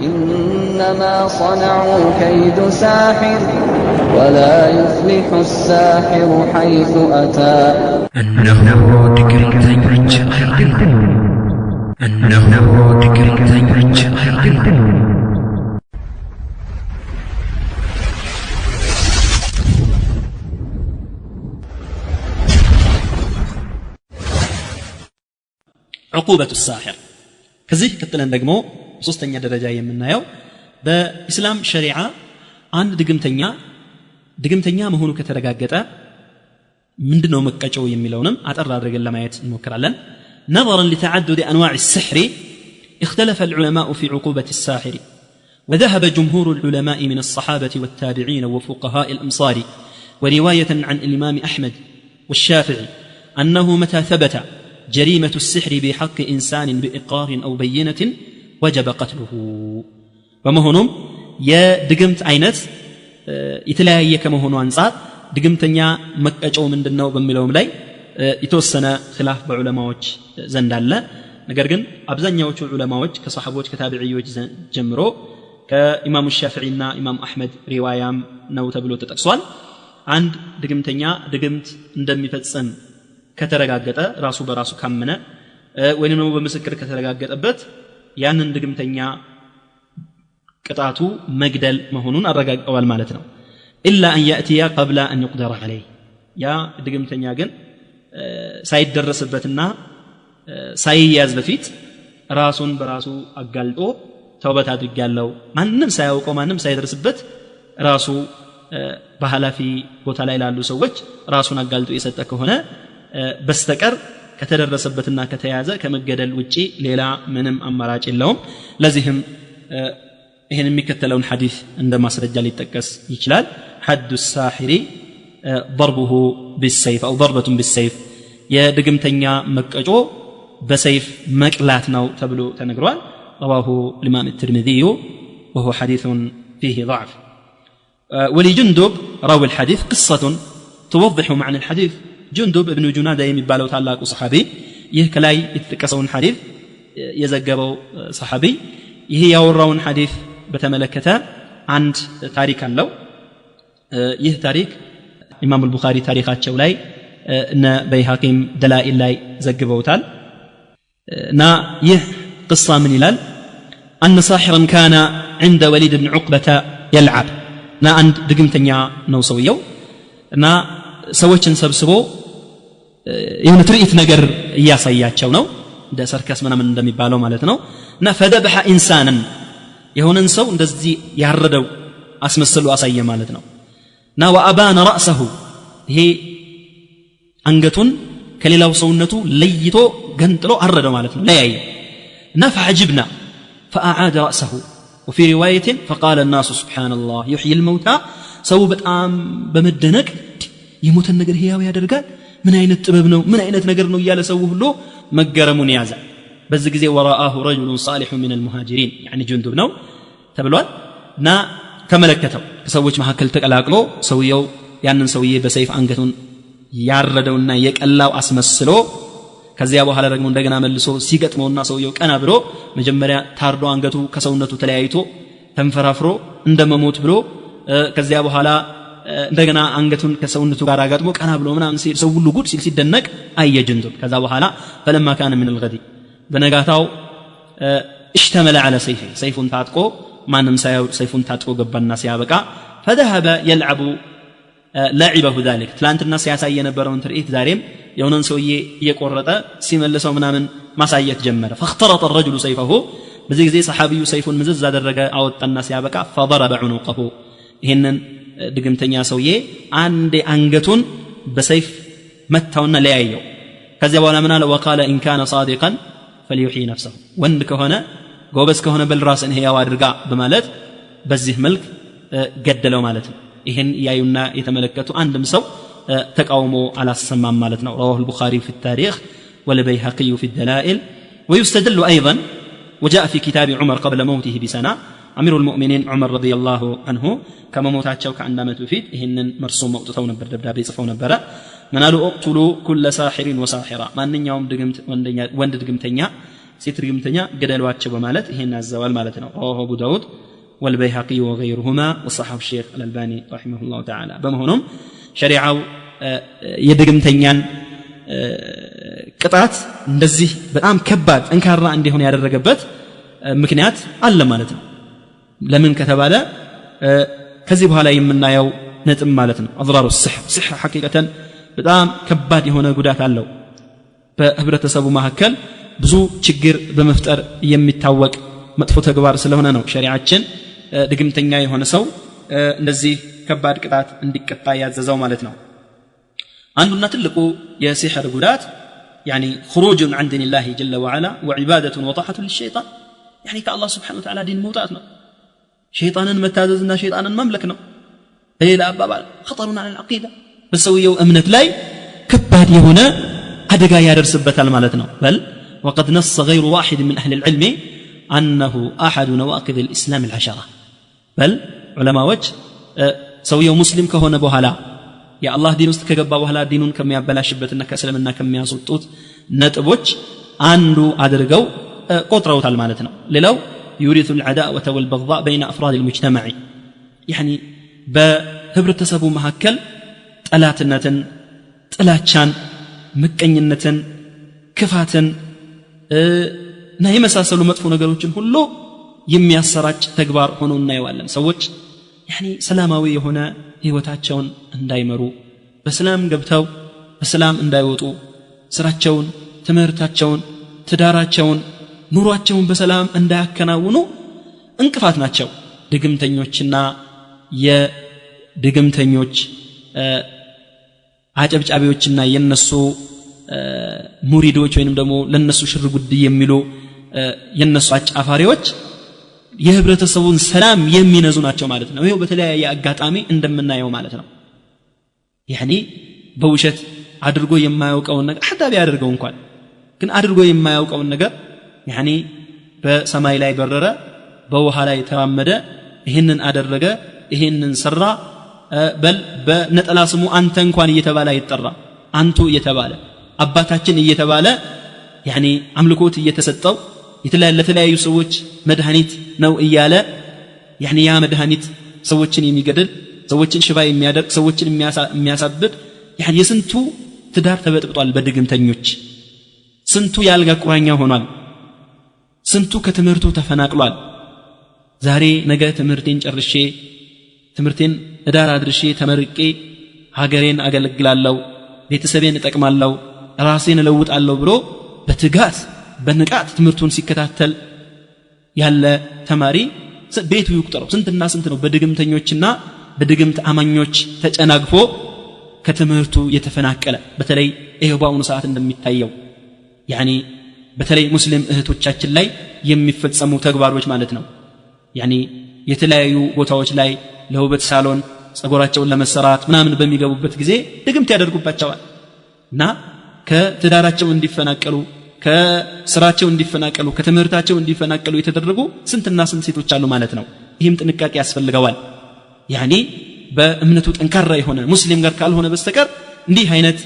إنما صنعوا كيد ساحر ولا يفلح الساحر حيث أتى أنه ذكر language أنه ذكر language عقوبة الساحر كزيك كتلن دقمو ሶስተኛ ደረጃ የምናየው በኢስላም ሸሪዓ አንድ ድግምተኛ ድግምተኛ መሆኑ ከተረጋገጠ ምንድን ነው መቀጨው የሚለውንም አጠር አድርገን ለማየት እንሞክራለን نظرا لتعدد أنواع السحر اختلف العلماء في عقوبة الساحر وذهب جمهور العلماء من الصحابة والتابعين وفقهاء الأمصار ورواية عن الإمام أحمد والشافعي أنه متى ثبت جريمة السحر بحق إنسان بإقرار أو بينة ወጀበ ቀትሉሁ በመሆኑም የድግምት አይነት የተለያየ ከመሆኑ አንጻር ድግምተኛ መቀጫው ምንድን ነው በሚለውም ላይ የተወሰነ ክላፍ በዑለማዎች ዘንድ አለ ነገር ግን አብዛኛዎቹ ዑለማዎች ከሰሓቦች ከታቢዕዮች ጀምሮ ከኢማሙ ሻፍዒ እና ኢማም አሕመድ ሪዋያም ነው ተብሎ ተጠቅሷል አንድ ድግምተኛ ድግምት እንደሚፈጽም ከተረጋገጠ ራሱ በራሱ ካመነ ወይም ደግሞ በምስክር ከተረጋገጠበት ያንን ድግምተኛ ቅጣቱ መግደል መሆኑን አረጋግጠዋል ማለት ነው ኢላ አን ያእትያ ቀብላ አን ዩቅደር አለይ ያ ድግምተኛ ግን ሳይደረስበትና ሳይያዝ በፊት ራሱን በራሱ አጋልጦ ተውበት አድርግ ያለው ማንም ሳያውቀው ማንም ሳይደርስበት ራሱ በኃላፊ ቦታ ላይ ላሉ ሰዎች ራሱን አጋልጦ የሰጠ ከሆነ በስተቀር ከተደረሰበትና ከተያዘ ከመገደል ውጪ ሌላ ምንም አማራጭ የለውም ለዚህም ይህን የሚከተለውን ሐዲስ እንደ ማስረጃ ሊጠቀስ ይችላል ሐዱ ሳሒሪ ضربه بالسيف أو ضربة بالسيف የድግምተኛ መቀጮ በሰይፍ መቅላት ነው ተብሎ ተነግሯል رواه الإمام الترمذي وهو حديث فيه ضعف ولجندب راوي الحديث قصة توضح معنى الحديث ጁንዱብ እብን ጁናዳ የሚባለው ታላቁ ሰሓቢ ይህ ከላይ የተጠቀሰውን ሐዲፍ የዘገበው ሰሓቢ ይህ ያወራውን ሐዲፍ በተመለከተ አንድ ታሪክ አለው ይህ ታሪክ ኢማም አልቡኻሪ ታሪካቸው ላይ እነ በይሐቂም ደላኢል ላይ ዘግበውታል እና ይህ ቅሳ ምን ይላል አነ ሳሕረን ካነ ዕንደ ወሊድ ብን ዑቅበተ የልዓብ እና አንድ ድግምተኛ ነው ሰውየው እና ሰዎችን ሰብስቦ የሆነ ትርኢት ነገር እያሳያቸው ነው እንደ ሰርከስ ምናምን እንደሚባለው ማለት ነው እና ፈደብሐ ኢንሳንን የሆነን ሰው እንደዚህ ያረደው አስመስሎ አሳየ ማለት ነው እና ወአባነ ራእሰሁ ይሄ አንገቱን ከሌላው ሰውነቱ ለይቶ ገንጥሎ አረደው ማለት ነው ለያየ እና ፈዐጅብና ፈአዓደ ራእሰሁ وفي رواية فقال الناس سبحان الله يحيي الموتى سو بتام بمدنك የሞተን ነገር ህያው ያደርጋል ምን አይነት ጥበብ ነው ምን አይነት ነገር ነው እያለ ሰው ሁሉ መገረሙን ያዘ በዚህ ጊዜ ወራአሁ ረጅሉን ሳሊሑ ምን አልሙሃጅሪን ያኒ ጅንዱብ ነው ተብሏል እና ተመለከተው ከሰዎች መካከል ተቀላቅሎ ሰውየው ያንን ሰውዬ በሰይፍ አንገቱን ያረደውና የቀላው አስመስሎ ከዚያ በኋላ ደግሞ እንደገና መልሶ ሲገጥመውና ሰውየው ቀና ብሎ መጀመሪያ ታርዶ አንገቱ ከሰውነቱ ተለያይቶ ተንፈራፍሮ እንደመሞት ብሎ ከዚያ በኋላ እንደገና አንገቱን ከሰውነቱ ጋር አጋጥሞ ቀና ብሎ ምናምን ሲሄድ ሰው ሁሉ ጉድ ሲል ሲደነቅ አየ ጅንቱን ከዛ በኋላ ፈለማ ካነ ምን ልገዲ በነጋታው እሽተመለ አለ ሰይፌ ሰይፉን ታጥቆ ማንም ሳያው ሰይፉን ታጥቆ ገባና ሲያበቃ ፈዘሀበ የልዓቡ ለዒበሁ ዛሊክ ትላንትና ሲያሳይ የነበረውን ትርኢት ዛሬም የሆነን ሰውዬ እየቆረጠ ሲመልሰው ምናምን ማሳየት ጀመረ ፈክተረጠ ረጅሉ ሰይፈሁ በዚህ ጊዜ ሰሓቢዩ ሰይፉን ምዝዝ አደረገ አወጣና ሲያበቃ ፈضረበ ዑኑቀሁ ይህንን ድግምተኛ ሰውዬ አንዴ አንገቱን በሰይፍ መታውና ለያየው ከዚያ በኋላ ምን አለ ወቃለ ኢንካነ ሳዲቀን ፈልዩሒ ነፍሰሁ ወንድ ከሆነ ጎበዝ ከሆነ በል ራስን ህያው አድርጋ በማለት በዚህ መልክ ገደለው ማለት ነው ይህን ያዩና የተመለከቱ አንድም ሰው ተቃውሞ አላሰማም ማለት ነው رواه البخاري في التاريخ والبيهقي في الدلائل ويستدل أيضا وجاء في كتاب عمر قبل موته بسنة አሚሩል ሙእሚኒን ዑመር ረዲየላሁ አንሁ ከመሞታቸው ከአንድ ዓመት በፊት ይህንን መርሱም አውጥተው ነበር ደብዳቤ ጽፈው ነበረ ምናሉ ኦቅቱሉ ኩለ ሳሒሪን ወሳሒራ ማንኛውም ወንድ ድግምተኛ ሴት ድግምተኛ ግደሏቸው በማለት ይህን አዘዋል ማለት ነው ረዋሁ አቡ ዳውድ ወልበይሐቂ ወገይሩሁማ ወሰሓብ ሼክ አልአልባኒ ረሒመሁላሁ ተዓላ በመሆኑም ሸሪዓው የድግምተኛን ቅጣት እንደዚህ በጣም ከባድ ጠንካራ እንዲሆን ያደረገበት ምክንያት አለ ማለት ነው ለምን ከተባለ ከዚህ በኋላ የምናየው ነጥብ ማለት ነው አضራሩ ስሕ ስሕ ሐቂቀተን በጣም ከባድ የሆነ ጉዳት አለው በህብረተሰቡ መካከል ብዙ ችግር በመፍጠር የሚታወቅ መጥፎ ተግባር ስለሆነ ነው ሸሪዓችን ድግምተኛ የሆነ ሰው እንደዚህ ከባድ ቅጣት እንዲቀጣ ያዘዘው ማለት ነው አንዱና ትልቁ የሲሕር ጉዳት ያኒ خروج عن دين الله جل وعلا وعبادة وطاعة للشيطان يعني كالله سبحانه وتعالى دين موتاتنا ሸይጣንን መታዘዝና ሸይጣንን መምለክ ነው በሌላ አባባል خطرን على العقيدة በሰውየው እምነት ላይ ከባድ የሆነ አደጋ ያደርስበታል ማለት ነው በል وقد نص غير واحد من أهل العلم أنه أحد نواقض الإسلام العشرة بل علماء ሰውየው ሙስሊም ከሆነ በኋላ የአላህ ዲን ውስጥ ከገባ በኋላ ዲኑን ከሚያበላሽበትና ከእስልምና ከሚያስወጡት ነጥቦች አንዱ አድርገው ቆጥረውታል ማለት ነው ሌላው يورث العداوة والبغضاء بين أفراد المجتمع يعني በህብረተሰቡ መካከል ጠላትነትን ጥላቻን ምቀኝነትን ክፋትን እና የመሳሰሉ መጥፎ ነገሮችን ሁሉ የሚያሰራጭ ተግባር ሆኖ እናየዋለን ሰዎች ሰላማዊ የሆነ ህይወታቸውን እንዳይመሩ በሰላም ገብተው በሰላም እንዳይወጡ ስራቸውን ትምህርታቸውን ትዳራቸውን ኑሯቸውን በሰላም እንዳያከናውኑ እንቅፋት ናቸው ድግምተኞችና የድግምተኞች አጨብጫቢዎችና የነሱ ሙሪዶች ወይንም ደግሞ ለነሱ ሽርጉድ የሚሉ የነሱ አጫፋሪዎች የህብረተሰቡን ሰላም የሚነዙ ናቸው ማለት ነው ይሄው በተለያየ አጋጣሚ እንደምናየው ማለት ነው ያኔ በውሸት አድርጎ የማያውቀውን ነገር ሐታ ቢያደርገው እንኳን ግን አድርጎ የማያውቀውን ነገር ያኒ በሰማይ ላይ በረረ በውሃ ላይ ተራመደ ይህንን አደረገ ይህንን ሰራ በል በነጠላ ስሙ አንተ እንኳን እየተባለ አይጠራ አንቱ እየተባለ አባታችን እየተባለ ያኒ አምልኮት እየተሰጠው ለተለያዩ ሰዎች መድኃኒት ነው እያለ ያኒ ያ መድኃኒት ሰዎችን የሚገድል ሰዎችን ሽባ የሚያደርግ ሰዎችን የሚያሳብድ የስንቱ ትዳር ተበጥብጧል በድግምተኞች ስንቱ የአልጋ ቁራኛ ሆኗል ስንቱ ከትምህርቱ ተፈናቅሏል ዛሬ ነገ ትምህርቴን ጨርሼ ትምህርቴን እዳር አድርሼ ተመርቄ ሀገሬን አገለግላለሁ ቤተሰቤን እጠቅማለሁ ራሴን እለውጣለሁ ብሎ በትጋት በንቃት ትምህርቱን ሲከታተል ያለ ተማሪ ቤቱ ይቁጠረው ስንትና ስንት ነው በድግምተኞችና በድግምት አማኞች ተጨናግፎ ከትምህርቱ የተፈናቀለ በተለይ ይህ በአሁኑ ሰዓት እንደሚታየው ያኔ በተለይ ሙስሊም እህቶቻችን ላይ የሚፈጸሙ ተግባሮች ማለት ነው ያኒ የተለያዩ ቦታዎች ላይ ለውበት ሳሎን ጸጉራቸውን ለመሰራት ምናምን በሚገቡበት ጊዜ ድግምት ያደርጉባቸዋል እና ከትዳራቸው እንዲፈናቀሉ ከስራቸው እንዲፈናቀሉ ከትምህርታቸው እንዲፈናቀሉ የተደረጉ ስንትና ስንት ሴቶች አሉ ማለት ነው ይህም ጥንቃቄ ያስፈልገዋል ያኔ በእምነቱ ጠንካራ የሆነ ሙስሊም ጋር ካልሆነ በስተቀር እንዲህ አይነት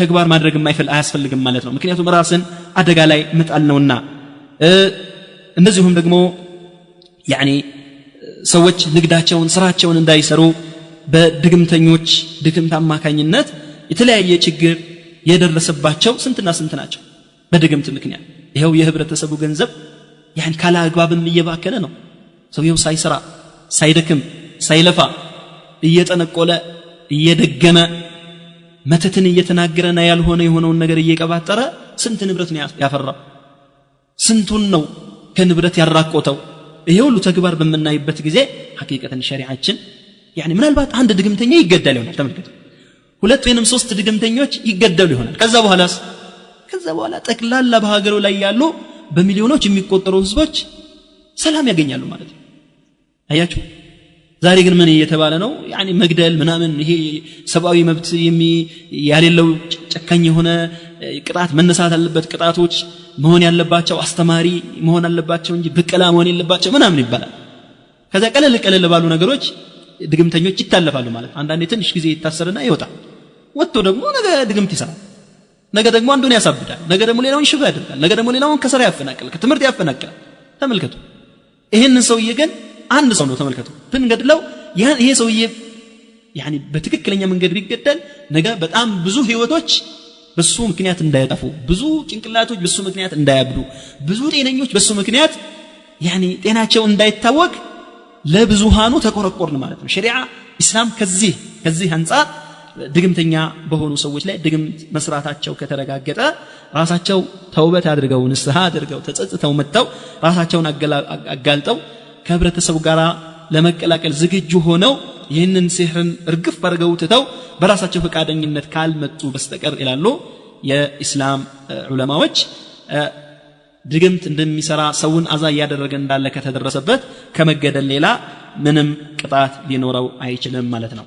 ተግባር ማድረግ አያስፈልግም ማለት ነው። ምክንያቱም ራስን አደጋ ላይ መጣል ነውና። እንደዚሁም ደግሞ ያኒ ሰዎች ንግዳቸውን፣ ስራቸውን እንዳይሰሩ በድግምተኞች ድግምት አማካኝነት የተለያየ ችግር የደረሰባቸው ስንትና ስንት ናቸው። በድግምት ምክንያት ይኸው የህብረተሰቡ ገንዘብ ያን ካለ አግባብም እየባከነ ነው። ሰውየው ሳይሰራ ሳይደክም ሳይለፋ እየጠነቆለ እየደገመ መተትን እየተናገረና ያልሆነ የሆነውን ነገር እየቀባጠረ ስንት ንብረት ነው ያፈራ ስንቱን ነው ከንብረት ያራቆተው ይሄ ሁሉ ተግባር በምናይበት ጊዜ ሐቂቀተን ሸሪዓችን ያኔ ምናልባት አንድ ድግምተኛ ይገደል ይሆናል ተመልከቱ ሁለት ወይንም ሶስት ድግምተኞች ይገደሉ ይሆናል ከዛ በኋላስ ከዛ በኋላ ጠቅላላ በሀገሩ ላይ ያሉ በሚሊዮኖች የሚቆጠሩ ህዝቦች ሰላም ያገኛሉ ማለት ነው አያችሁ ዛሬ ግን ምን እየተባለ ነው መግደል ምናምን ይሄ ሰብአዊ መብት ያሌለው ጨካኝ የሆነ ቅጣት መነሳት አለበት ቅጣቶች መሆን ያለባቸው አስተማሪ መሆን አለባቸው እንጂ ብቀላ መሆን የለባቸው ምናምን ይባላል ከዛ ቀለል ቀለል ባሉ ነገሮች ድግምተኞች ይታለፋሉ ማለት አንዳንዴ ትንሽ ጊዜ ይታሰርና ይወጣል ወጥቶ ደግሞ ነገ ድግምት ይሰራል ነገ ደግሞ አንዱን ያሳብዳል ነገ ደግሞ ሌላውን ሽፋ ያደርጋል ነገ ደግሞ ሌላውን ከስራ ያፈናቅላል ከትምህርት ያፈናቅላል ተመልከቱ ይህንን ሰውዬ ግን አንድ ሰው ነው ተመልከቱ ብንገድለው ይሄ ሰውዬ በትክክለኛ መንገድ ቢገደል ነገ በጣም ብዙ ህይወቶች በሱ ምክንያት እንዳይጠፉ ብዙ ጭንቅላቶች በሱ ምክንያት እንዳያብዱ ብዙ ጤነኞች በሱ ምክንያት ጤናቸው እንዳይታወቅ ለብዙሃኑ ተቆረቆርን ማለት ነው ሸሪዓ ኢስላም ከዚህ ከዚህ አንጻር ድግምተኛ በሆኑ ሰዎች ላይ ድግምት መስራታቸው ከተረጋገጠ ራሳቸው ተውበት አድርገው ንስሐ አድርገው ተጸጽተው መጥተው ራሳቸውን አጋልጠው ከህብረተሰቡ ጋር ለመቀላቀል ዝግጁ ሆነው ይህንን ሲሕርን እርግፍ አድርገው ትተው በራሳቸው ፈቃደኝነት ካልመጡ በስተቀር ይላሉ የኢስላም ዑለማዎች ድግምት እንደሚሰራ ሰውን አዛ እያደረገ እንዳለ ከተደረሰበት ከመገደል ሌላ ምንም ቅጣት ሊኖረው አይችልም ማለት ነው